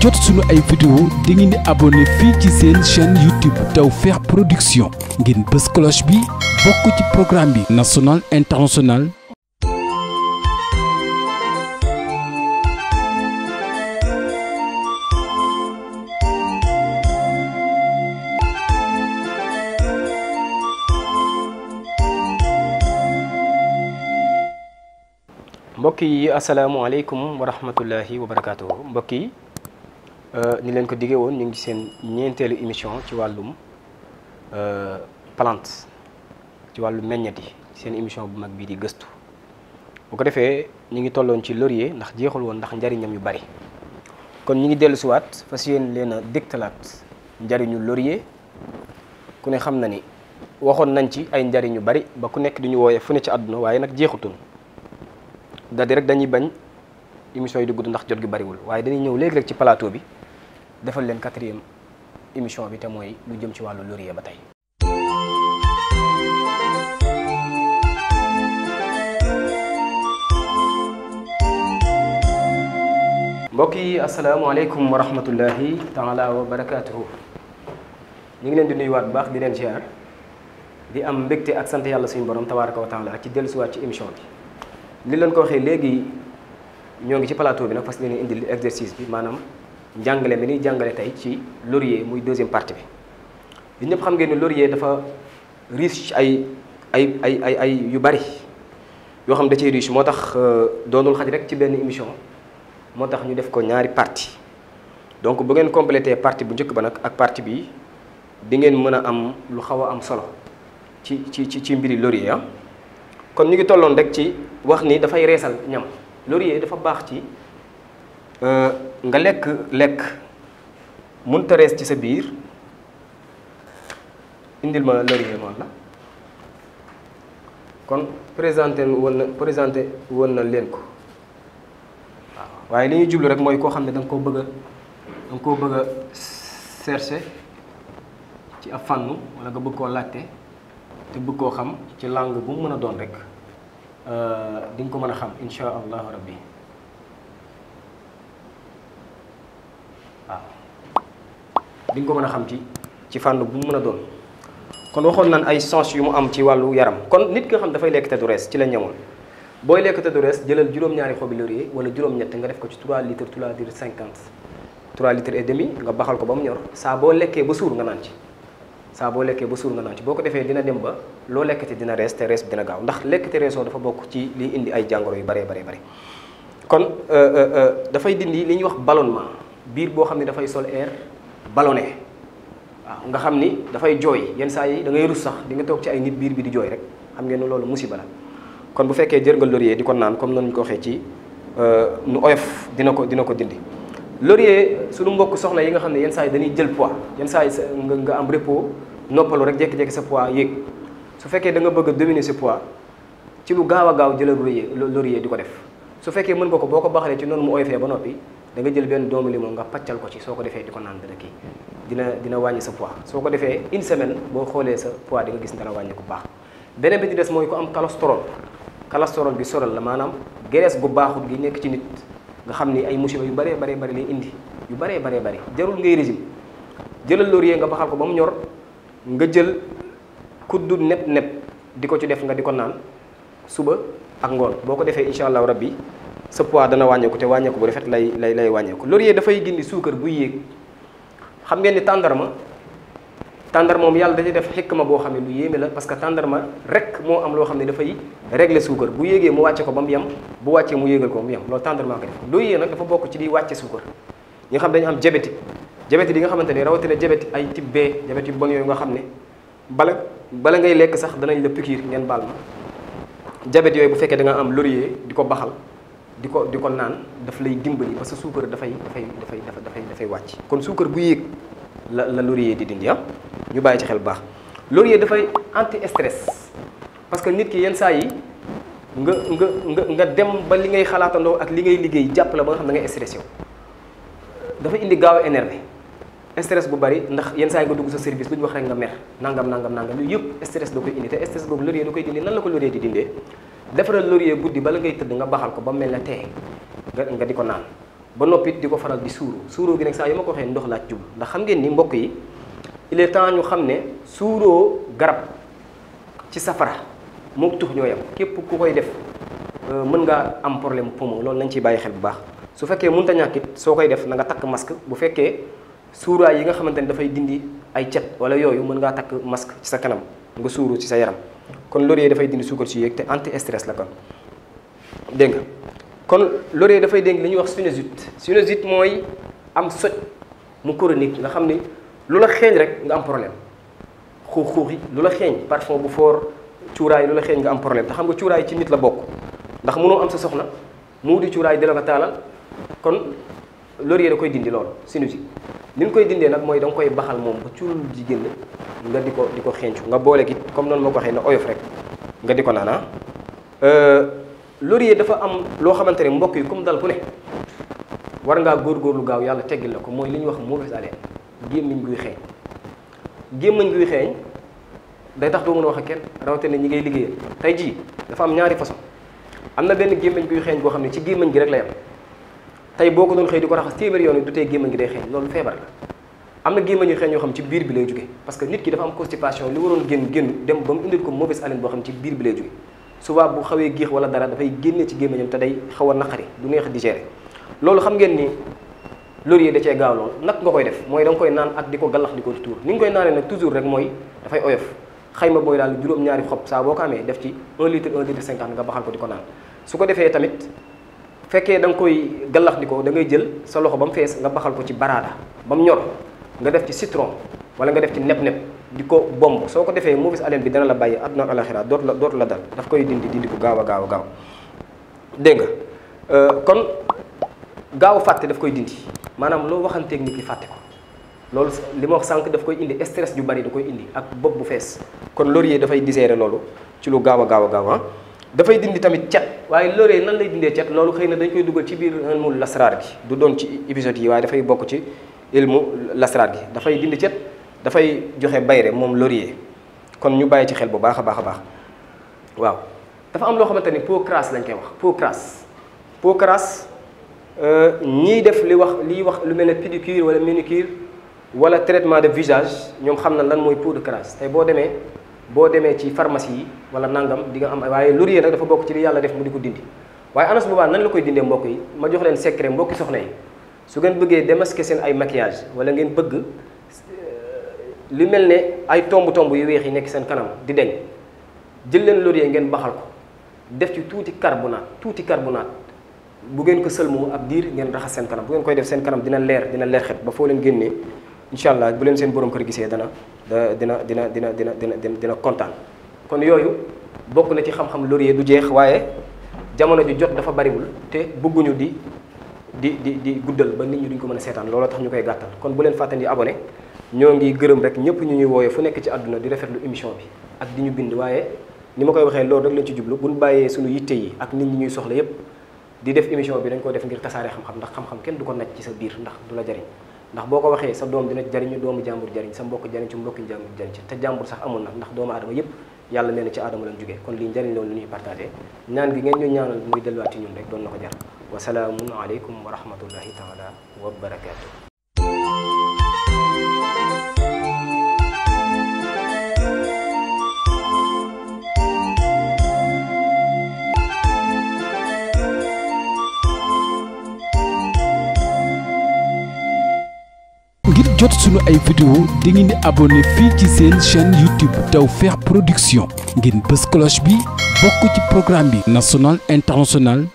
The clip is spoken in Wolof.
jot suñu ay vidéo da ngeen di fii ci seen chaîne YouTube Tawfekh Production ngeen bës cloche bi bokk ci programme bi national international mbokk yi asalaamaaleykum wa rahmatullahi wa barakaatu mbokk yi Euh, ni leen ko diggee woon ñu ngi ci seen ñeenteelu émission ci wàllum euh, plante ci wàllu meññet yi seen émission bu mag bii di gëstu bu ko defee ñu ngi tolloon ci laurier ndax jeexul woon ndax njariñam yu bari kon ñu ngi dellu siwaat fas yéen leen a dégtalaat njariñu laurier ku ne xam na ni waxoon nañ ci ay njariñ yu bari ba ku nekk ñu wooyee fu ne ci àdduna waaye nag jeexutoon daldi rek dañuy bañ émission yi di gudd ndax jot gi bariwul waaye dañuy ñëw léegi ci plateau bi defal leen quatrième émission bi te mooy lu jëm ci wàllu laurier ba tey. mbokk yi asalaamaaleykum wa rahmatullahi taala wa barakaatuhu ñu ngi leen di nuyuwaat bu baax di leen ziar di am mbégte ak sant yàlla suñu borom tabaaraka wa taala ci dellusiwaat ci émission bi. li leen ko waxee léegi ñoo ngi ci plateau bi nag parce que leen indil exercice bi maanaam. njàngale mi ni jàngale tey ci laurier muy deuxième partie bi ñun ñëpp xam ngeen ni laurier dafa riche ay ay ay ay ay yu bari yoo xam da ciy riche moo tax euh, doonul xaj rek ci benn émission moo tax ñu def ko ñaari partie donc bu ngeen complété partie bu njëkk ba nag ak partie bi di ngeen mën a am lu xaw a am solo ci ci ci ci mbiri laurier ah kon ñu ngi tolloon rek ci wax ni dafay reesal ñam laurier dafa baax ci euh, nga lekk lekk mënut a ci sa biir indil ma laurier moom kon présenté woon na présenté woon na leen ko waaw waaye li ñuy jublu rek mooy koo xam ne danga koo bëgg a da koo bëgg a ci ab fànn wala nga bëgg koo laajte te bëgg koo xam ci langue bu mu mën a doon rek euh, di nga ko mën a xam incha allahu rabbi di ko mën a xam ci ci fànn bu mu mën a doon kon waxoon nan ay sens yu mu am ci wàllu yaram kon nit ki nga xam dafay lekk te du rees ci la ñamoon booy lekk te du rees jëlal juróom-ñaari xobi laurier wala juróom-ñett nga def ko ci 3 litres 3 litres 50 3 litres et demi nga baxal ko ba mu ñor saa boo lekkee ba suur nga naan ci saa boo lekkee ba suur nga naan ci boo ko defee dina dem ba loo lekkate dina rees te rees bi dina gaaw ndax lekkate reesoo dafa bokk ci liy indi ay jàngoro yu baree baree bëri kon euh, euh, euh, dafay dindi li ñuy wax ballonnement biir boo xam ne dafay sol air ballonné waaw nga xam ni dafay jooy yenn saa yi da ngay rus sax di nga toog ci ay nit biir bi di jooy rek xam ngeen ne loolu musiba la kon bu fekkee jër nga laurier di ko naan comme noonu ñu ko waxee ci euh, nu oyof dina ko dina ko dindi laurier suñu mbokk soxna yi nga xam ne yenn saa yi dañuy jël poids yenn saa yi nga am repos noppalu rek jékki-jékki sa pois yéeg su fekkee danga bëgg a si pois ci lu gaaw a gaaw jëlal laurier di ko def su fekkee mën ko ko boo ko baaxalee ci noonu mu oyofee ba da nga jël benn doomu limon nga paccal ko ci soo ko defee di ko naan dana kii dina dina wàññi sa poids soo ko defee une semaine boo xoolee sa poids di nga gis dana wàññi ku baax beneen bi ci des mooy ku am cholestérol cholestérol bi sonal la maanaam graisse gu baaxut gi nekk ci nit nga xam ni ay musiba yu bëree bëree bëri lay indi yu bëree bëree bëri jarul ngay jëlal laurier nga baxal ko ba mu ñor nga jël kuddu nepp nepp di ko ci def nga di ko naan suba ak ngoon boo ko defee incha allahu rabbi sa poids dana wàññeeku te wàññeeku bu rafet lay lay lay wàññeeku laurier dafay gindi suukar buy yéeg xam ne ni tàndarma tàndarma moom yàlla dañuy def ma boo xam ne lu yéeme la parce que tàndarma rek moo loo xam ne dafay régler suukar bu yéegee mu wàcce ko ba mu yem bu wàccee mu yéegal ko ba mu yem loolu tàndarma ko def nag dafa bokk ci di wàcce suukar ñi xam dañu am jabeti diabétique yi nga xamante ne rawatina diabétique ay type B diabète yu bon yooyu nga xam ne bala bala ngay lekk sax danañ la piqûre ngeen baal ma diabète yooyu bu fekkee da am laurier di ko baxal di ko di ko naan daf lay dimbali parce que suukar dafay dafay dafay dafay dafay wàcc. kon suukar bu yéeg la la laurier di dindi ah ñu bàyyi ci xel bu baax laurier dafay anti stress parce que nit ki yenn saa yi nga nga nga nga dem ba li ngay xalaatandoo ak li ngay liggéey jàpp la ba nga xam ne ngay stressé yow dafa indi gaaw a énervé stress bu bari ndax yenn saa yi nga dugg sa service lu ñu wax rek nga mer nangam nangam nangam yooyu yëpp stress da koy indi te stress boobu laurier da koy dindi defaral laurier guddi bala ngay tëdd nga baxal ko ba mel ne tee nga nga di ko naan ba noppit di ko faral di suuro suuro gi nag saa yu ma ko waxee ndox laaj jub ndax xam ngeen ni mbokk yi il est temps ñu xam ne suuroo garab ci safara mook tux ñoo yam képp ku koy def euh, mën nga am problème poumon loolu nañ ciy bàyyi xel bu baax su fekkee mënta ñàkk it soo koy def na nga takk masque bu fekkee suuraay yi nga xamante ne dafay dindi ay cet wala yooyu mën ngaa takk masque sa kanam nga suuru ci sa yaram kon laurier dafay dindi suukar si yéeg te anti stress la kon dégg nga kon laurier dafay dégg li ñuy wax sinusite sinusite mooy am soj mu chronique nga xam ni lu la xeeñ rek nga am problème xuux xuux lu la xeeñ parfum bu foor cuuraay lu la xeeñ nga am problème te xam nga cuuraay ci nit la bokk ndax mënoo am sa soxna mu di cuuraay dina ko taalal kon laurier da koy dindi loolu sinusite ni ñu koy dindee nag mooy danga koy baxal moom ba cuul jigéen nga di ko di ko xencu nga boole gi comme noonu ma ko waxee na oyof rek nga di ko naanaa ah. euh, laurier dafa am loo xamante ne mbokk yi comme dal ku ne war ngaa góor góorgóorlu gaaw yàlla teggil la ko mooy li ñuy wax mauvaise haleine gémmiñ guy xeeñ gémmiñ guy xeeñ day tax doo mën a wax ak kenn rawatina ñi ngay liggéeyal tey jii dafa am ñaari façon am na benn gémmiñ guy xeeñ boo xam ne ci gémmiñ gi rek la yam tey boo ko doon xëy di ko raxas téeméer yoon yi du tey gémmiñ gi day xeeñ loolu feebar la am na gémmañ yu xeeñ yoo xam ci biir bi lay jóge parce que nit ki dafa am constipation li waroon génn génn dem ba mu indil ko mauvaise haleine boo xam ci biir bi lay jóge souvent bu xawee géex wala dara dafay génne ci gémmañam te day xaw a naqari du neex a digérer loolu xam ngeen ni laurier da cee gaaw lool nag nga koy def mooy da nga koy naan ak di ko gallax di ko tuur ni nga koy naanee nag toujours rek mooy dafay oyof xayma booy daal juróom-ñaari xob saa boo ko amee def ci 1 litre 1 litre 50 nga baxal ko di ko naan su da nga koy gallax di ngay jël sa ba mu fees nga baxal ko ci baraada ba mu ñor nga def ci citron wala nga def ci neb-neb di ko bomb soo ko defee mauvaise haleine bi dana la bàyyi àdduna ak alaxira dootu la dootu la dal daf koy dindi dindi bu gaaw a gaaw gaaw dégg nga euh, kon gaaw fàtte daf koy dindi maanaam loo waxanteeg nit ki fàtte ko loolu li ma wax sànq daf koy indi stress ju bari da koy indi ak bopp bu fees kon laurier dafay digérer loolu ci lu gaaw a gaaw a gaaw ah dafay dindi tamit cat waaye laurier nan lay dindee cat loolu xëy na dañ koy dugal ci biir mul lasraar gi du doon ci épisode yi waaye dafay bokk ci ilmu lasraat gi dafay dindi cet dafay joxe bayre moom lorier kon ñu bàyyi ci xel bu baax a baax a baax waaw dafa am loo xamante ni peau crasse lañ koy wax peau crasse peau crasse euh, ñii def li wax liy wax lu mel ne pédicure wala manucure wala traitement de visage ñoom xam na lan mooy peau de crasse tey boo demee boo demee ci pharmacie yi wala nangam di nga am waaye laurier nag dafa bokk ci li yàlla def mu di ko dindi waaye anas boobaa nañ la koy dindee mbokk yi ma jox leen secret mbokki soxna su ngeen bëggee démasquer seen ay maquillage wala ngeen bëgg euh, li mel ne ay tomb-tomb yu weex yi nekk seen kanam di deñ jël leen laurier ngeen baxal ko def ci tuuti carbonate tuuti carbonate bu ngeen ko sëlmoo ab diir ngeen raxas seen kanam bu ngeen koy def seen kanam dina leer dina leer xet ba foo leen génnee incha allah bu leen seen borom kër gisee dana dina dina dina dina dina dina kontaan kon yooyu bokk na ci xam-xam laurier du jeex waaye jamono ju jot dafa bariwul te bëgguñu di di di di guddal ba nit ñi duñ ko mën a seetaan looloo tax ñu koy gàttal kon bu leen fàttandi abonné ñoo ngi gërëm rek ñëpp ñu ñuy wooyee fu nekk ci àdduna di rafetlu émission bi ak di ñu bind waaye ni ma koy waxee loolu rek lañ ci jublu buñ bàyyee suñu yitte yi ak nit ñi ñuy soxla yépp di def émission bi dañ ko def ngir tasaare xam-xam ndax xam-xam kenn du ko naj ci sa biir ndax du la jariñ ndax boo ko waxee sa doom dina jariñu doomu jàmbur jariñ sa mbokk jariñ ci mbokki jàmbur jariñ te jàmbur sax amul na ndax doomu aadama yépp yàlla nee na ci aadama lañ jógee kon lii njariñ loolu lu ñuy partagé ñaan gi ngeen ñu ñaanal doon na ko jar wasalaamun aleykum wa rahmatullahi ngir jot sunu ay vidéo di ngeen di abonné fii ci seen chaîne YouTube Tawfekh Production ngeen bës cloche bi bokk ci programme bi national international